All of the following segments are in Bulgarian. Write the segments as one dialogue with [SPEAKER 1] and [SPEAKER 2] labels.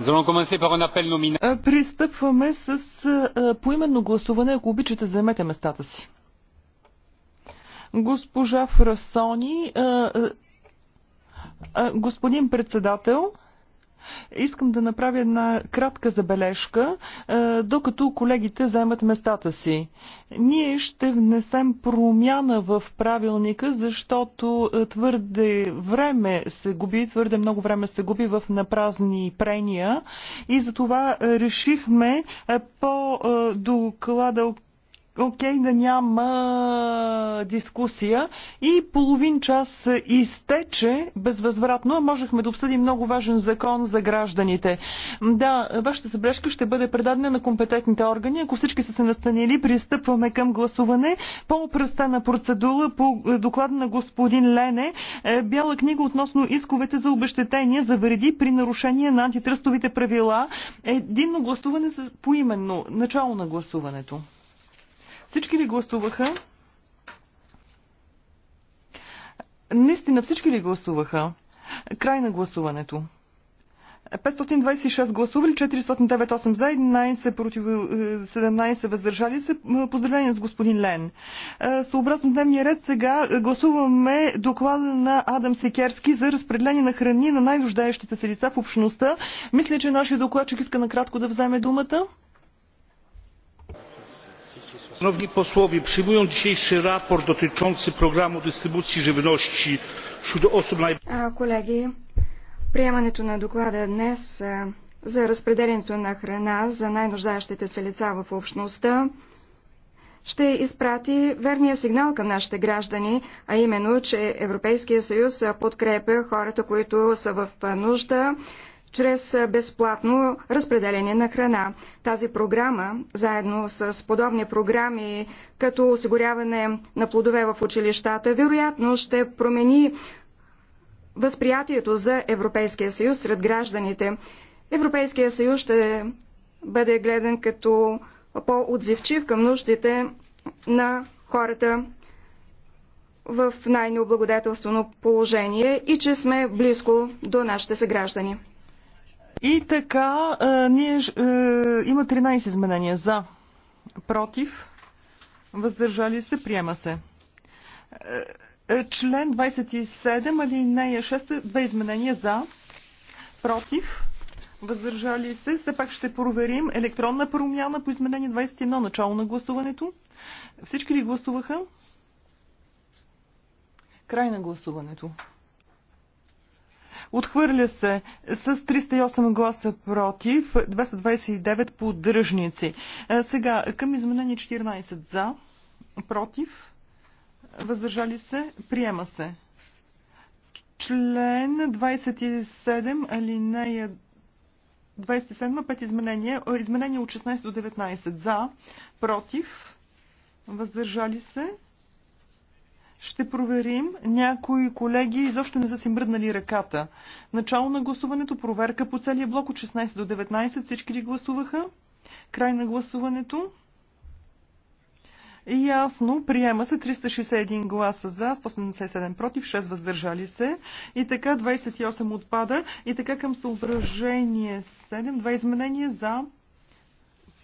[SPEAKER 1] Е, пристъпваме с е, е, поименно гласуване. Ако обичате, заемете местата си. Госпожа Фрасони, господин председател, Искам да направя една кратка забележка, е, докато колегите вземат местата си. Ние ще внесем промяна в правилника, защото е, твърде време се губи, твърде много време се губи в напразни прения и затова е, решихме по доклада окей okay, да няма дискусия и половин час изтече безвъзвратно, а можехме да обсъдим много важен закон за гражданите. Да, вашата забележка ще бъде предадена на компетентните органи. Ако всички са се настанили, пристъпваме към гласуване по на процедура по е, доклада на господин Лене. Е, бяла книга относно исковете за обещетение за вреди при нарушение на антитръстовите правила. Единно гласуване по именно начало на гласуването. Всички ли гласуваха? Наистина всички ли гласуваха? Край на гласуването. 526 гласували, 498 за, 11 против 17 е, въздържали се. Поздравление с господин Лен. Е, съобразно дневния ред сега гласуваме доклада на Адам Секерски за разпределение на храни на най-нуждаещите се лица в общността. Мисля, че нашия докладчик иска накратко да вземе думата przyjmując dzisiejsze sprawozdanie dotyczące programu dystrybucji żywności wśród osób
[SPEAKER 2] Колеги, приемането на доклада днес за разпределението на храна за най-нуждаещите се лица в общността ще изпрати верния сигнал към нашите граждани, а именно, че Европейския съюз подкрепя хората, които са в нужда, чрез безплатно разпределение на храна. Тази програма, заедно с подобни програми, като осигуряване на плодове в училищата, вероятно ще промени възприятието за Европейския съюз сред гражданите. Европейския съюз ще бъде гледан като по-отзивчив към нуждите на хората в най-необлагодетелствено положение и че сме близко до нашите съграждани.
[SPEAKER 1] И така, е, ние, е, има 13 изменения за, против, въздържали се, приема се. Е, член 27, али е 6, две изменения за, против, въздържали се. Все пак ще проверим електронна промяна по изменение 21, начало на гласуването. Всички ли гласуваха? Край на гласуването. Отхвърля се с 308 гласа против, 229 поддръжници. Е, сега към изменение 14 за, против, въздържали се, приема се. Член 27, алинея 27, пет изменения, изменения от 16 до 19 за, против, въздържали се, ще проверим. Някои колеги изобщо не са си мръднали ръката. Начало на гласуването, проверка по целия блок от 16 до 19. Всички ли гласуваха? Край на гласуването. Ясно, приема се 361 гласа за, 177 против, 6 въздържали се. И така 28 отпада. И така към съображение 7, 2 изменения за,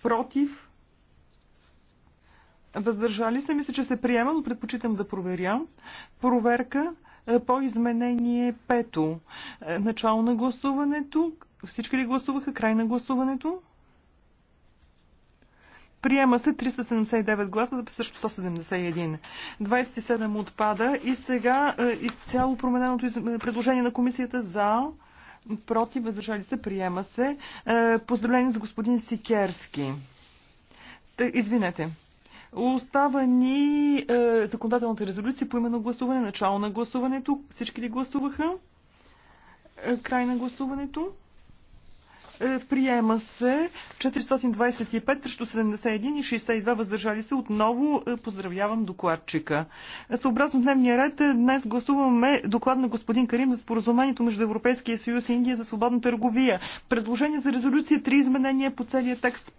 [SPEAKER 1] против, Въздържали се, мисля, че се приема, но предпочитам да проверя. Проверка е, по изменение пето. Е, начало на гласуването. Всички ли гласуваха? Край на гласуването? Приема се 379 гласа също 171. 27 отпада и сега е, изцяло промененото предложение на комисията за против, въздържали се, приема се. Поздравление за господин Сикерски. Извинете. Остава ни е, законодателната резолюция по именно гласуване, начало на гласуването. Всички ли гласуваха? Е, край на гласуването. Е, приема се 425 срещу 71 и 62 въздържали се. Отново е, поздравявам докладчика. Е, съобразно дневния ред, е, днес гласуваме доклад на господин Карим за споразумението между Европейския съюз и Индия за свободна търговия. Предложение за резолюция, три изменения по целия текст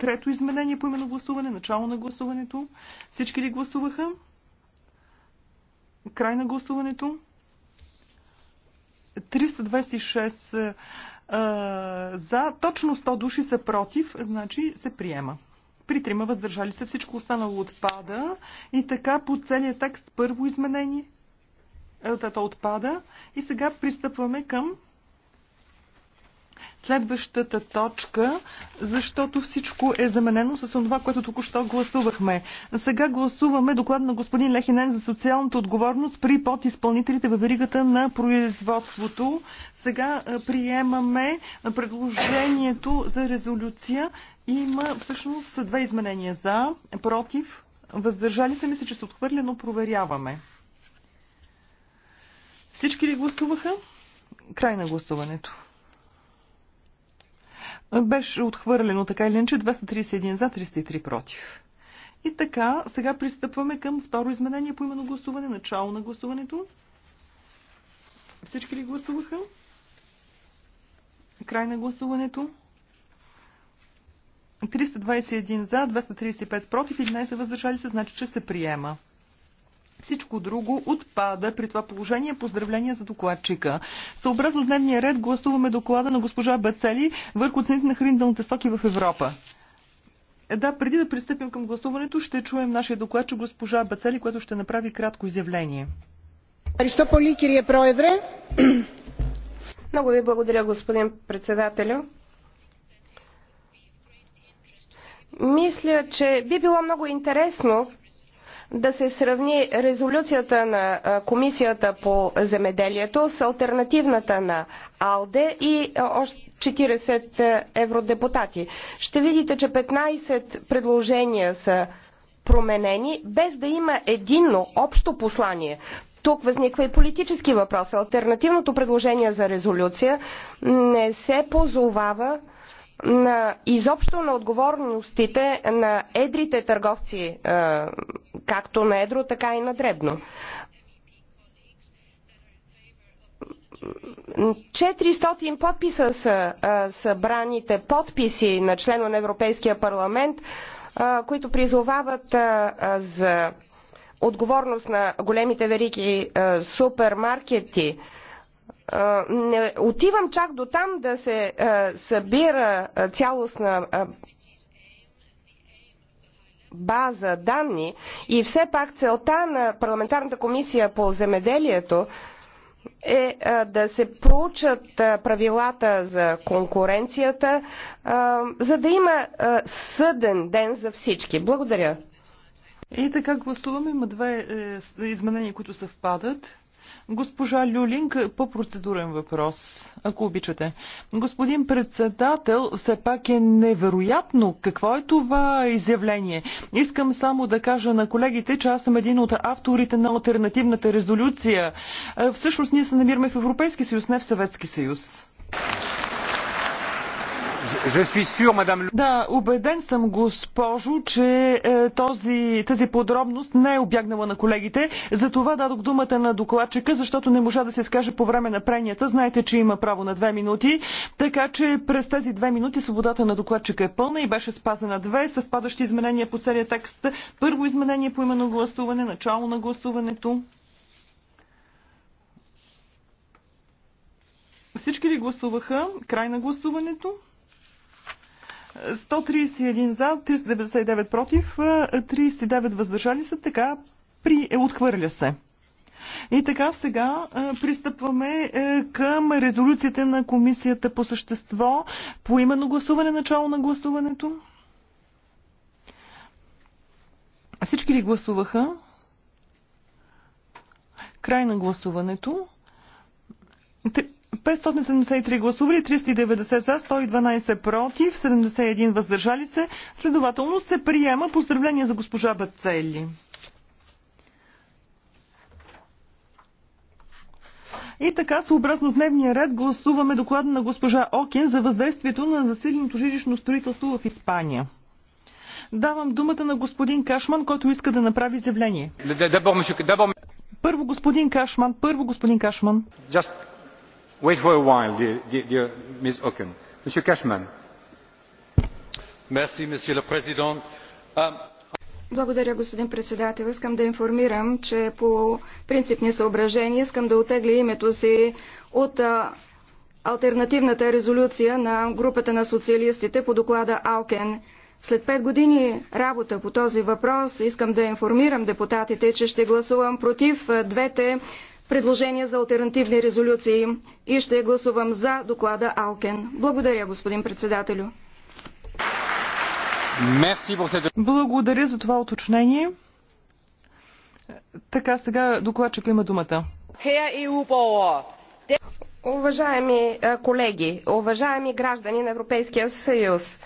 [SPEAKER 1] Трето изменение по именно гласуване, начало на гласуването. Всички ли гласуваха? Край на гласуването. 326 а, за, точно 100 души са против, значи се приема. При трима въздържали се всичко останало отпада и така по целият текст първо изменение. Тата отпада и сега пристъпваме към следващата точка, защото всичко е заменено с това, което току-що гласувахме. Сега гласуваме доклад на господин Лехинен за социалната отговорност при подизпълнителите във веригата на производството. Сега приемаме предложението за резолюция. Има всъщност две изменения за, против, въздържали се. Мисля, че се отхвърля, но проверяваме. Всички ли гласуваха? Край на гласуването. Беше отхвърлено така или иначе 231 за, 303 против. И така, сега пристъпваме към второ изменение по именно гласуване, начало на гласуването. Всички ли гласуваха? Край на гласуването. 321 за, 235 против, 11 въздържали се, значи, че се приема. Всичко друго отпада при това положение. Поздравления за докладчика. Съобразно дневния ред гласуваме доклада на госпожа Бацели върху цените на хранителните стоки в Европа. Е, да, преди да пристъпим към гласуването, ще чуем нашия докладчик госпожа Бацели, което ще направи кратко изявление. Аристополи, кирия проедре.
[SPEAKER 3] Много ви благодаря, господин председателю. Мисля, че би било много интересно да се сравни резолюцията на Комисията по земеделието с альтернативната на АЛДЕ и още 40 евродепутати. Ще видите, че 15 предложения са променени, без да има единно общо послание. Тук възниква и политически въпрос. Альтернативното предложение за резолюция не се позовава на изобщо на отговорностите на едрите търговци, е, както на едро, така и на дребно. 400 подписа са е, събраните подписи на члена на Европейския парламент, е, които призовават за отговорност на големите велики супермаркети не отивам чак до там да се събира цялостна база данни и все пак целта на парламентарната комисия по земеделието е да се проучат правилата за конкуренцията, за да има съден ден за всички. Благодаря.
[SPEAKER 1] И така гласуваме. Има две е, изменения, които съвпадат. Госпожа Люлинг, по процедурен въпрос, ако обичате. Господин председател, все пак е невероятно. Какво е това изявление? Искам само да кажа на колегите, че аз съм един от авторите на альтернативната резолюция. Всъщност ние се намираме в Европейски съюз, не в Съветски съюз. Да, убеден съм госпожо, че е, този, тази подробност не е обягнала на колегите. За това дадох думата на докладчика, защото не можа да се скаже по време на пренията. Знаете, че има право на две минути. Така че през тези две минути свободата на докладчика е пълна и беше спазена две съвпадащи изменения по целия текст. Първо изменение по именно гласуване, начало на гласуването. Всички ли гласуваха? Край на гласуването? 131 за, 399 против, 39 въздържали се, така при, е, отхвърля се. И така сега е, пристъпваме е, към резолюцията на комисията по същество, по именно гласуване, начало на гласуването. Всички ли гласуваха? Край на гласуването. 573 гласували, 390 за, 112 против, 71 въздържали се. Следователно се приема поздравление за госпожа Бацели. И така, съобразно дневния ред, гласуваме доклада на госпожа Окен за въздействието на засиленото жилищно строителство в Испания. Давам думата на господин Кашман, който иска да направи изявление. Първо господин Кашман, първо господин Кашман. Just... Um,
[SPEAKER 2] благодаря, господин председател. Искам да информирам, че по принципни съображения искам да отегля името си от альтернативната резолюция на групата на социалистите по доклада Алкен. След пет години работа по този въпрос искам да информирам депутатите, че ще гласувам против двете предложения за альтернативни резолюции и ще гласувам за доклада Алкен. Благодаря, господин председателю.
[SPEAKER 1] Благодаря за това уточнение. Така, сега докладчика има думата.
[SPEAKER 3] Уважаеми колеги, уважаеми граждани на Европейския съюз,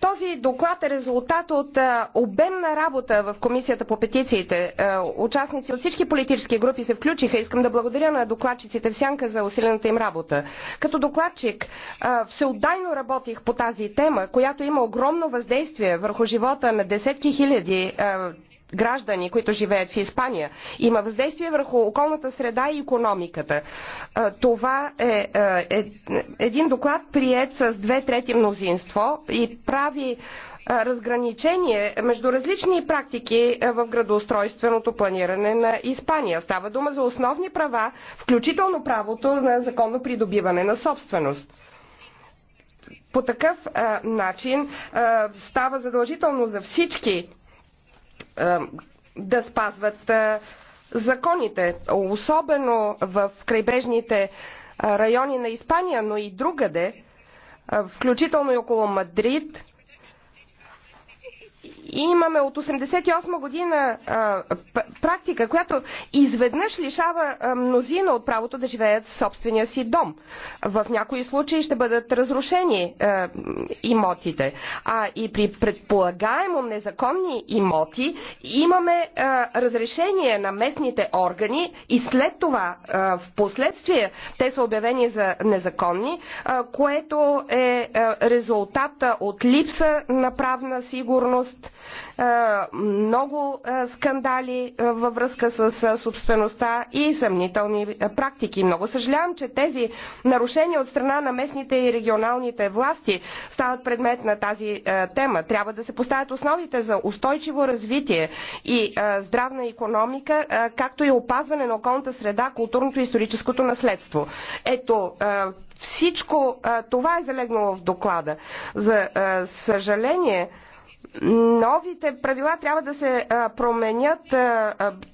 [SPEAKER 3] този доклад е резултат от е, обемна работа в Комисията по петициите. Е, участници от всички политически групи се включиха. Искам да благодаря на докладчиците в Сянка за усилената им работа. Като докладчик е, всеотдайно работих по тази тема, която има огромно въздействие върху живота на десетки хиляди граждани, които живеят в Испания, има въздействие върху околната среда и економиката. Това е, е един доклад прият с две трети мнозинство и прави разграничение между различни практики в градоустройственото планиране на Испания. Става дума за основни права, включително правото на законно придобиване на собственост. По такъв а, начин а, става задължително за всички е, да спазват е, законите, особено в крайбрежните е, райони на Испания, но и другаде, включително и около Мадрид, имаме от 1988 година а, практика, която изведнъж лишава а, мнозина от правото да живеят в собствения си дом. В някои случаи ще бъдат разрушени а, имотите. А и при предполагаемо незаконни имоти имаме а, разрешение на местните органи и след това а, в последствие те са обявени за незаконни, а, което е а, резултата от липса на правна сигурност е, много е, скандали е, във връзка с собствеността и съмнителни практики. Много съжалявам, че тези нарушения от страна на местните и регионалните власти стават предмет на тази тема. Трябва да се поставят основите за устойчиво развитие и здравна економика, както и опазване на околната среда, културното и историческото наследство. Ето, всичко това е залегнало в доклада. За съжаление, новите правила трябва да се променят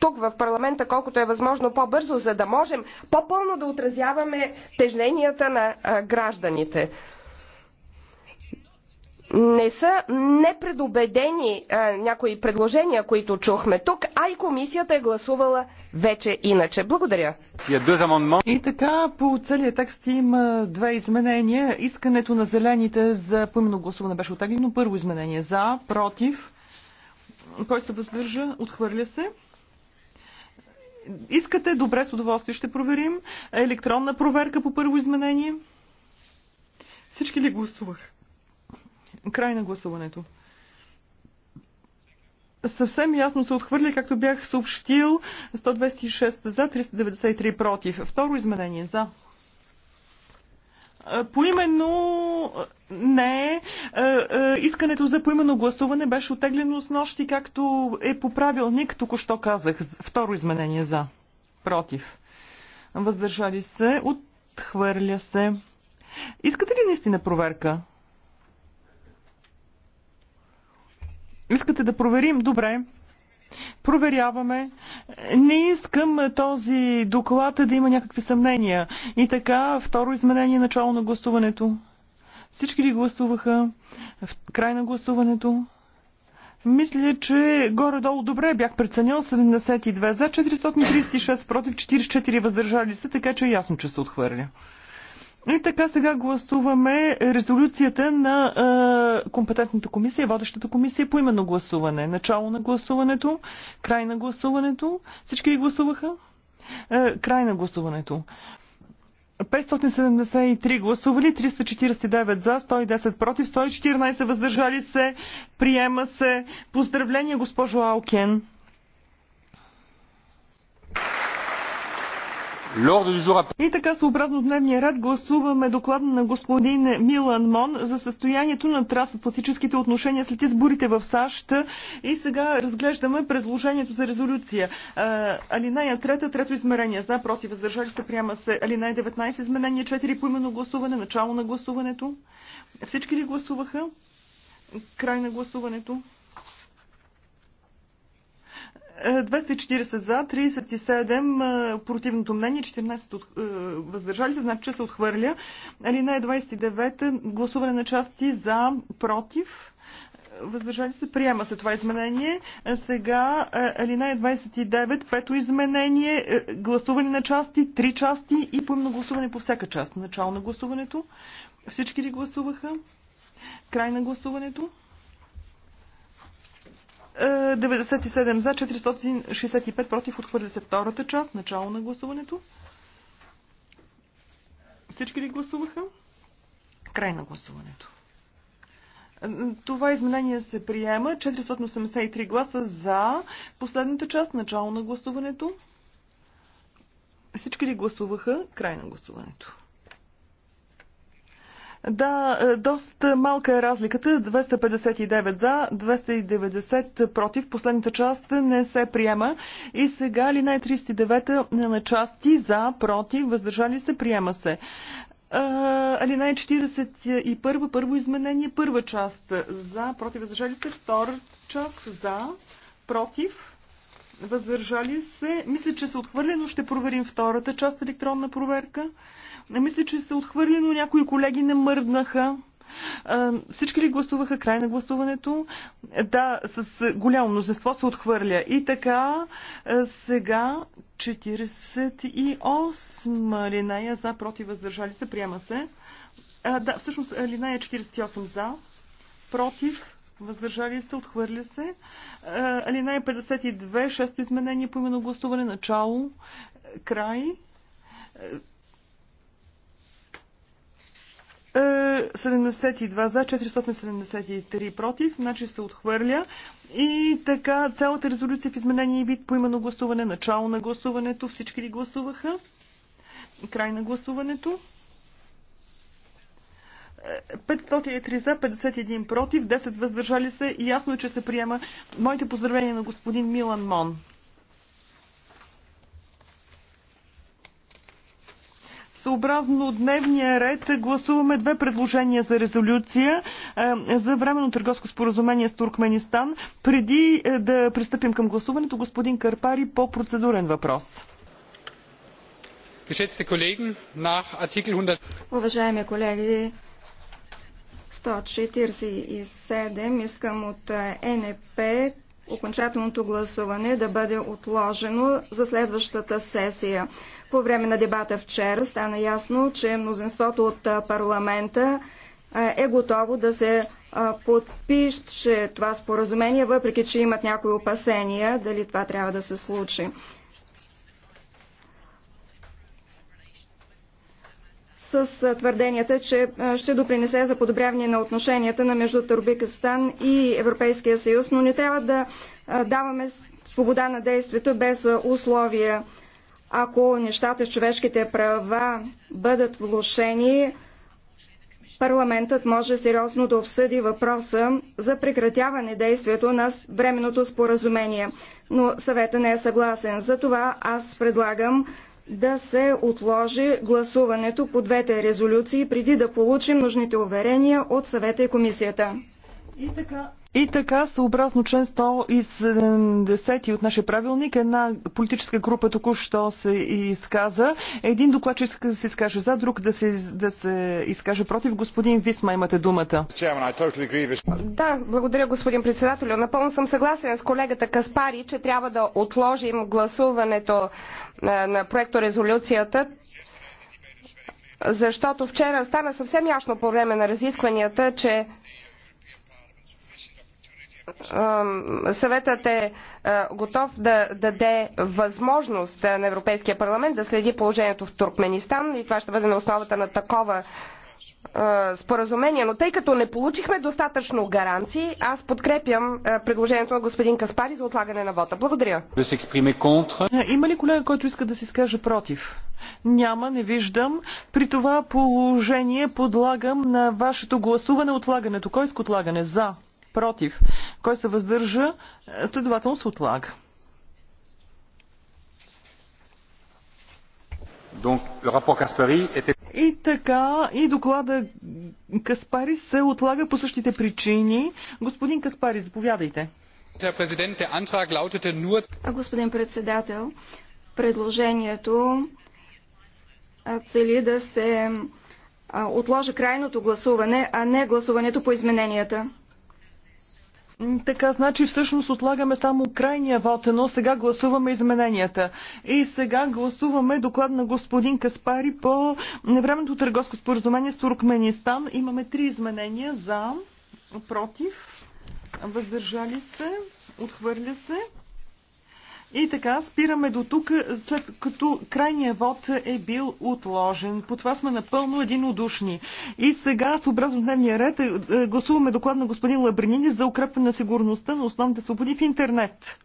[SPEAKER 3] тук в парламента колкото е възможно по-бързо, за да можем по-пълно да отразяваме тежненията на гражданите не са непредобедени а, някои предложения, които чухме тук, а и комисията е гласувала вече иначе. Благодаря.
[SPEAKER 1] Е и така, по целият текст има две изменения. Искането на зелените за поименно гласуване беше отеглено. Първо изменение за, против. Кой се въздържа? Отхвърля се. Искате? Добре, с удоволствие ще проверим. Електронна проверка по първо изменение. Всички ли гласувах? Край на гласуването. Съвсем ясно се отхвърли, както бях съобщил, 126 за, 393 против. Второ изменение за. Е, поименно не. Е, е, искането за поименно гласуване беше отеглено с нощи, както е по правилник, току-що казах. Второ изменение за. Против. Въздържали се. Отхвърля се. Искате ли наистина проверка? Искате да проверим? Добре. Проверяваме. Не искам този доклад да има някакви съмнения. И така, второ изменение, начало на гласуването. Всички ли гласуваха? В край на гласуването? Мисля, че горе-долу добре бях преценил 72 за 436 против 44 въздържали се, така че е ясно, че се отхвърля. И така сега гласуваме резолюцията на е, компетентната комисия, водещата комисия по именно гласуване. Начало на гласуването, край на гласуването. Всички ли гласуваха? Е, край на гласуването. 573 гласували, 349 за, 110 против, 114 въздържали се. Приема се. Поздравления, госпожо Алкен. И така, съобразно дневния ред, гласуваме доклад на господин Милан Мон за състоянието на трансатлантическите отношения след изборите в САЩ. И сега разглеждаме предложението за резолюция. Алинея трета, трето измерение. За, против, въздържали се, приема се. Алинея 19, изменение 4, поименно гласуване, начало на гласуването. Всички ли гласуваха? Край на гласуването. 240 за, 37 е, противното мнение, 14 от, е, въздържали се, значи, че се отхвърля. Алинея 29, гласуване на части за, против, въздържали се, приема се това изменение. Е, сега алинея 29, пето изменение, гласуване на части, три части и поимно гласуване по всяка част. Начало на гласуването. Всички ли гласуваха? Край на гласуването. 97 за, 465 против, отхвърля се втората част, начало на гласуването. Всички ли гласуваха? Край на гласуването. Това изменение се приема. 483 гласа за. Последната част, начало на гласуването. Всички ли гласуваха? Край на гласуването. Да, е, доста малка е разликата. 259 за, 290 против. Последната част не се приема. И сега ли най 39 на части за, против, въздържали се, приема се. Е, най 41, първо изменение, първа част за, против, въздържали се, втора част за, против, въздържали се. Мисля, че се отхвърля, но ще проверим втората част електронна проверка. Не Мисля, че се отхвърли, но някои колеги не мърднаха. Всички ли гласуваха край на гласуването? Да, с голямо мнозинство се отхвърля. И така, сега 48 линия за против въздържали се, приема се. да, всъщност линия 48 за, против въздържали се, отхвърля се. А, линия 52, 6 изменение по именно гласуване, начало, край 72 е, за, 473 против, значи се отхвърля. И така, цялата резолюция в изменение и вид по именно гласуване, начало на гласуването, всички ли гласуваха? Край на гласуването. 503 е, за, 51 против, 10 въздържали се. Ясно е, че се приема. Моите поздравления на господин Милан Мон. Съобразно дневния ред гласуваме две предложения за резолюция е, за временно търговско споразумение с Туркменистан. Преди е, да пристъпим към гласуването, господин Карпари по процедурен въпрос.
[SPEAKER 2] Уважаеми колеги, 147 искам от е, НП окончателното гласуване да бъде отложено за следващата сесия. По време на дебата вчера стана ясно, че мнозинството от парламента е готово да се подпише това споразумение, въпреки че имат някои опасения дали това трябва да се случи. с твърденията, че ще допринесе за подобряване на отношенията на между Турбикистан и Европейския съюз, но не трябва да даваме свобода на действието без условия. Ако нещата с човешките права бъдат влушени, парламентът може сериозно да обсъди въпроса за прекратяване действието на временното споразумение, но съвета не е съгласен. Затова аз предлагам да се отложи гласуването по двете резолюции преди да получим нужните уверения от съвета и комисията.
[SPEAKER 1] И така, съобразно член 170 от нашия правилник, една политическа група току-що се изказа. Един иска да се изкаже за, друг да се, да се изкаже против. Господин Висма, имате думата.
[SPEAKER 3] Да, благодаря господин председател. Напълно съм съгласен с колегата Каспари, че трябва да отложим гласуването на проекто резолюцията защото вчера стана съвсем ясно по време на разискванията, че съветът е готов да даде възможност на Европейския парламент да следи положението в Туркменистан и това ще бъде на основата на такова споразумение. Но тъй като не получихме достатъчно гаранции, аз подкрепям предложението на господин Каспари за отлагане на вота.
[SPEAKER 1] Благодаря. Е, има ли колега, който иска да се изкаже против? Няма, не виждам. При това положение подлагам на вашето гласуване отлагането. Кой иска отлагане? За против, кой се въздържа, е, следователно се отлага. Donc, était... И така, и доклада Каспари се отлага по същите причини. Господин Каспари, заповядайте.
[SPEAKER 2] Господин председател, предложението цели да се отложи крайното гласуване, а не гласуването по измененията.
[SPEAKER 1] Така, значи всъщност отлагаме само крайния вод, но сега гласуваме измененията. И сега гласуваме доклад на господин Каспари по невременното търговско споразумение с Туркменистан. Имаме три изменения за, против, въздържали се, отхвърля се. И така, спираме до тук, след като крайният вод е бил отложен. По това сме напълно единодушни. И сега, съобразно дневния ред, е, е, гласуваме доклад на господин Лабринини за укрепване на сигурността на основните свободи в интернет.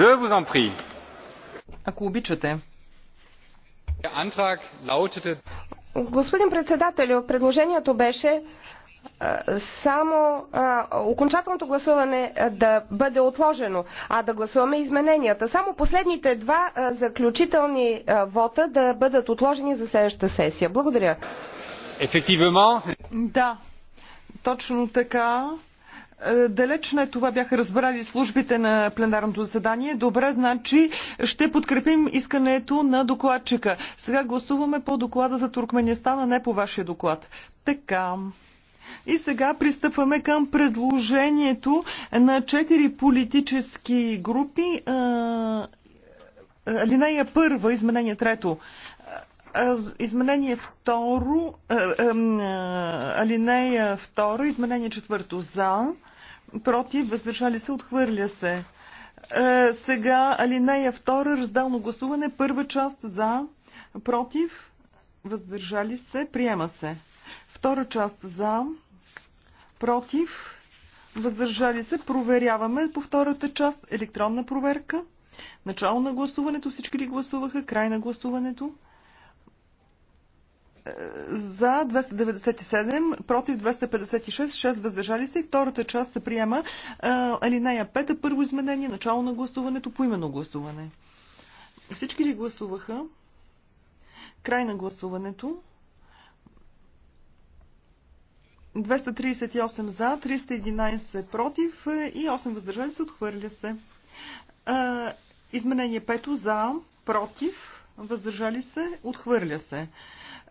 [SPEAKER 1] Je vous en prie. Ако обичате.
[SPEAKER 3] Господин председател, предложението беше само а, окончателното гласуване да бъде отложено, а да гласуваме измененията. Само последните два а, заключителни а, вота да бъдат отложени за следващата сесия. Благодаря.
[SPEAKER 1] Ефективно. Да, точно така. Е, далеч не това бяха разбрали службите на пленарното заседание. Добре, значи ще подкрепим искането на докладчика. Сега гласуваме по доклада за Туркменистана, не по вашия доклад. Така. И сега пристъпваме към предложението на четири политически групи. Алинея първа, изменение трето. Изменение второ, алинея второ, изменение четвърто за, против, въздържали се, отхвърля се. Сега алинея втора, разделно гласуване, първа част за, против, въздържали се, приема се. Втора част за, против, въздържали се. Проверяваме по втората част електронна проверка. Начало на гласуването, всички ли гласуваха? Край на гласуването? Е, за 297, против 256, 6 въздържали се и втората част се приема е, алинея 5, първо изменение, начало на гласуването, поименно гласуване. Всички ли гласуваха? Край на гласуването? 238 за, 311 против и 8 въздържали се, отхвърля се. Изменение 5 за, против, въздържали се, отхвърля се.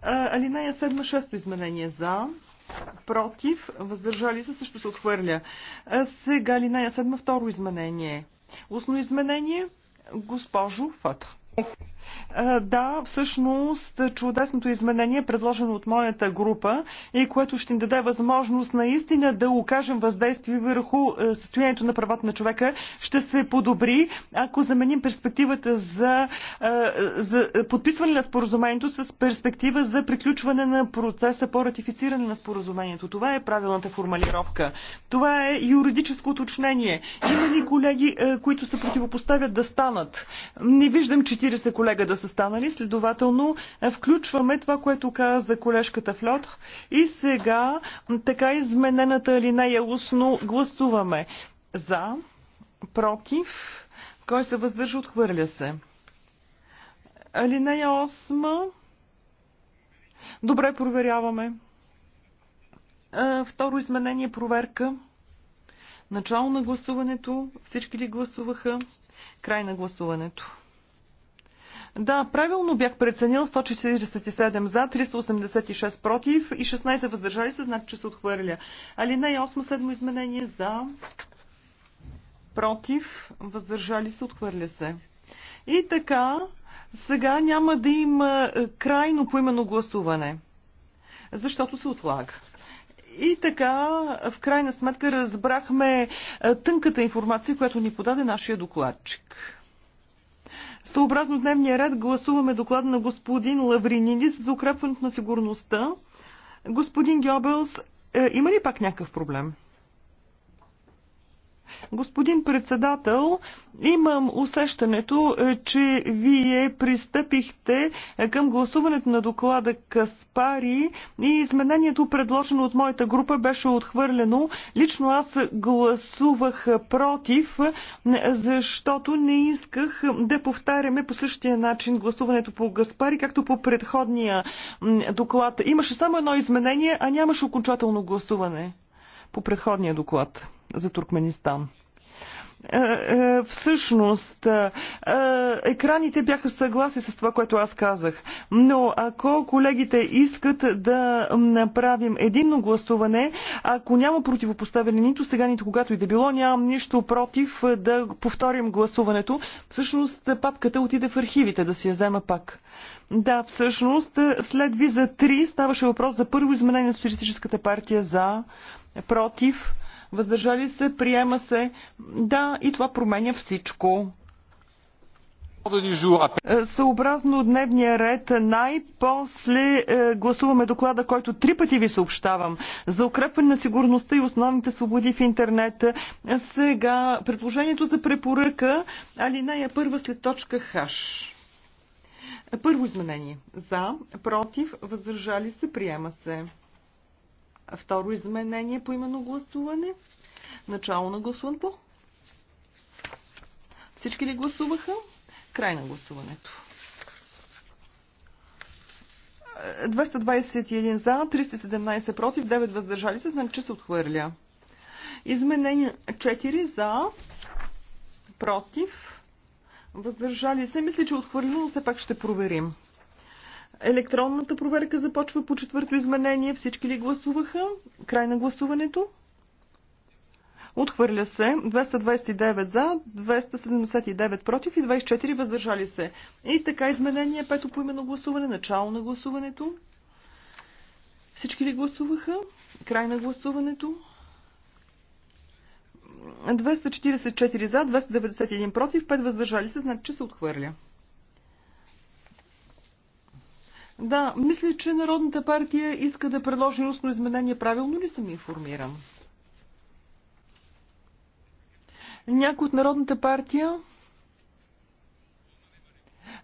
[SPEAKER 1] Алинея 7, 6 изменение за, против, въздържали се, също се отхвърля. Сега алинея 7, второ изменение. Устно изменение, госпожо Фата. Е, да, всъщност чудесното изменение, предложено от моята група и което ще ни даде възможност наистина да окажем въздействие върху е, състоянието на правата на човека, ще се подобри, ако заменим перспективата за, е, за подписване на споразумението с перспектива за приключване на процеса по ратифициране на споразумението. Това е правилната формалировка. Това е юридическо уточнение. Има ли колеги, които се противопоставят да станат? Не виждам 40 колеги колега да са станали. Следователно, е, включваме това, което каза колежката Флот. И сега така изменената алинея устно гласуваме. За, против, кой се въздържа, отхвърля се. Алинея 8. Добре, проверяваме. Е, второ изменение проверка. Начало на гласуването. Всички ли гласуваха? Край на гласуването. Да, правилно бях преценил 147 за, 386 против и 16 въздържали се, значи, че се отхвърля. Алинея 8, седмо изменение за, против, въздържали се, отхвърля се. И така, сега няма да има е, крайно поимено гласуване, защото се отлага. И така, в крайна сметка, разбрахме е, тънката информация, която ни подаде нашия докладчик. Съобразно дневния ред гласуваме доклад на господин Лавринидис за укрепването на сигурността. Господин Гьобелс, е, има ли пак някакъв проблем? Господин председател, имам усещането, е, че вие пристъпихте е, към гласуването на доклада Каспари и изменението, предложено от моята група, беше отхвърлено. Лично аз гласувах против, е, защото не исках да повтаряме по същия начин гласуването по Гаспари, както по предходния доклад. Имаше само едно изменение, а нямаше окончателно гласуване по предходния доклад за Туркменистан. Е, е, всъщност е, екраните бяха съгласи с това, което аз казах. Но ако колегите искат да направим единно гласуване, ако няма противопоставяне нито сега, нито когато и да било, нямам нищо против да повторим гласуването. Всъщност папката отиде в архивите да си я взема пак. Да, всъщност след виза 3 ставаше въпрос за първо изменение на Социалистическата партия за, против, въздържали се, приема се. Да, и това променя всичко. Съобразно дневния ред, най-после е, гласуваме доклада, който три пъти ви съобщавам за укрепване на сигурността и основните свободи в интернет. Сега предложението за препоръка, алинея първа след точка хаш. Първо изменение. За, против, въздържали се, приема се. Второ изменение по именно гласуване. Начало на гласуването. Всички ли гласуваха? Край на гласуването. 221 за, 317 против, 9 въздържали се, значи се отхвърля. Изменение 4 за, против, въздържали се. Мисля, че е отхвърлено, но все пак ще проверим. Електронната проверка започва по четвърто изменение. Всички ли гласуваха? Край на гласуването. Отхвърля се 229 за, 279 против и 24 въздържали се. И така изменение пето по именно гласуване, начало на гласуването. Всички ли гласуваха? Край на гласуването. 244 за, 291 против, 5 въздържали се, значи че се отхвърля. Да, мисля, че Народната партия иска да предложи устно изменение. Правилно ли съм информиран? Някой от Народната партия?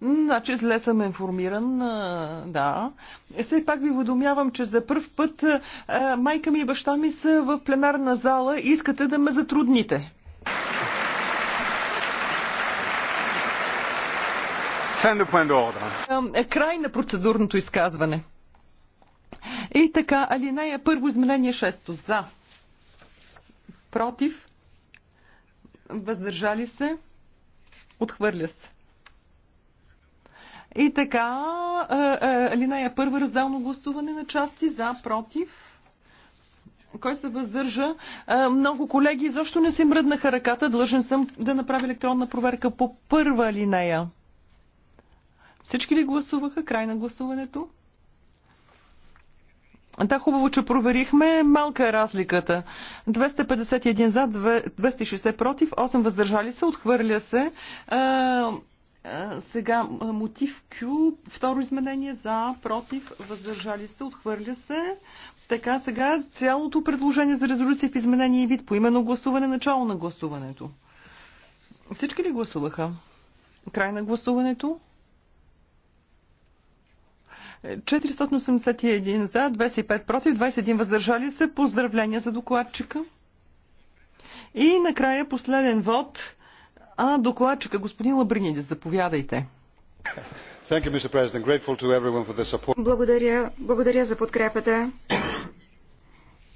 [SPEAKER 1] Значи зле съм информиран, да. Е, все пак ви уведомявам, че за първ път майка ми и баща ми са в пленарна зала и искате да ме затрудните. Е край на процедурното изказване. И така, алинея първо изменение 6. За. Против. Въздържали се. Отхвърля се. И така, алинея първо разделно гласуване на части за, против. Кой се въздържа? Много колеги, защо не си мръднаха ръката? Длъжен съм да направя електронна проверка по първа алинея. Всички ли гласуваха? Край на гласуването? Да, хубаво, че проверихме. Малка е разликата. 251 за, 260 против, 8 въздържали се, отхвърля се. А, а, сега мотив Q, второ изменение за, против, въздържали се, отхвърля се. Така, сега цялото предложение за резолюция в изменение и вид по именно гласуване, начало на гласуването. Всички ли гласуваха? Край на гласуването? 481 за, 25 против, 21 въздържали се. Поздравления за докладчика. И накрая последен вод. А докладчика, господин Лабринидис, заповядайте.
[SPEAKER 2] Благодаря, благодаря за подкрепата.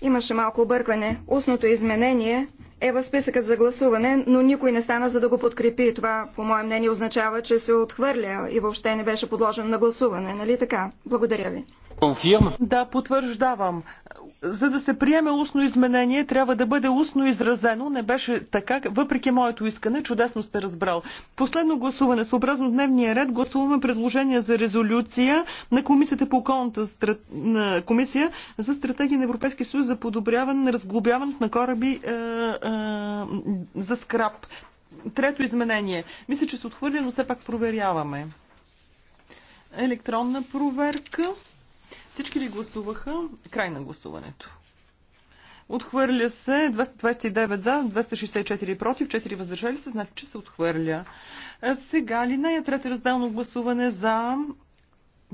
[SPEAKER 2] Имаше малко объркване. Устното изменение е в списъкът за гласуване, но никой не стана за да го подкрепи. Това, по мое мнение, означава, че се отхвърля и въобще не беше подложено на гласуване. Нали така? Благодаря ви.
[SPEAKER 1] Да, потвърждавам за да се приеме устно изменение, трябва да бъде устно изразено. Не беше така, въпреки моето искане, чудесно сте разбрал. Последно гласуване, съобразно дневния ред, гласуваме предложение за резолюция на Комисията по околната страт... на комисия за стратегия на Европейски съюз за подобряване на разглобяването на кораби е, е, за скраб. Трето изменение. Мисля, че се отхвърля, но все пак проверяваме. Електронна проверка. Всички ли гласуваха? Край на гласуването. Отхвърля се 229 за, 264 против, 4 въздържали се, значи, че се отхвърля. Сега ли най трети разделно гласуване за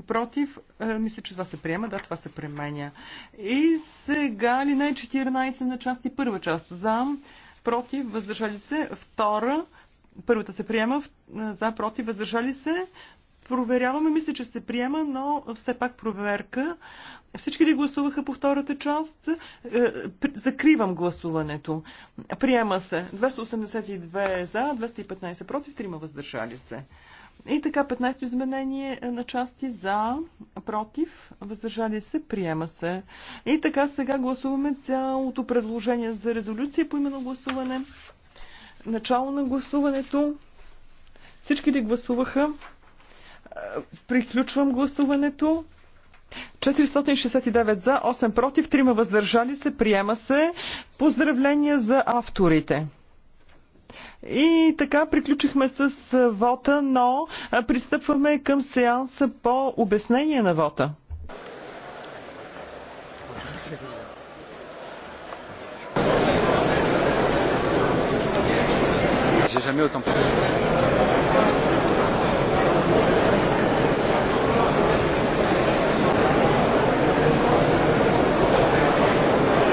[SPEAKER 1] против, мисля, че това се приема, да, това се пременя. И сега ли най 14 на част и първа част за, против, въздържали се, втора, първата се приема, за, против, въздържали се, Проверяваме, мисля, че се приема, но все пак проверка. Всички ли гласуваха по втората част? Е, закривам гласуването. Приема се. 282 за, 215 против, 3 въздържали се. И така, 15-то изменение на части за, против, въздържали се, приема се. И така, сега гласуваме цялото предложение за резолюция по именно гласуване. Начало на гласуването. Всички ли гласуваха? Приключвам гласуването. 469 за, 8 против, 3 въздържали се, приема се. Поздравления за авторите. И така приключихме с вота, но пристъпваме към сеанса по обяснение на вота. J'ai jamais autant parlé.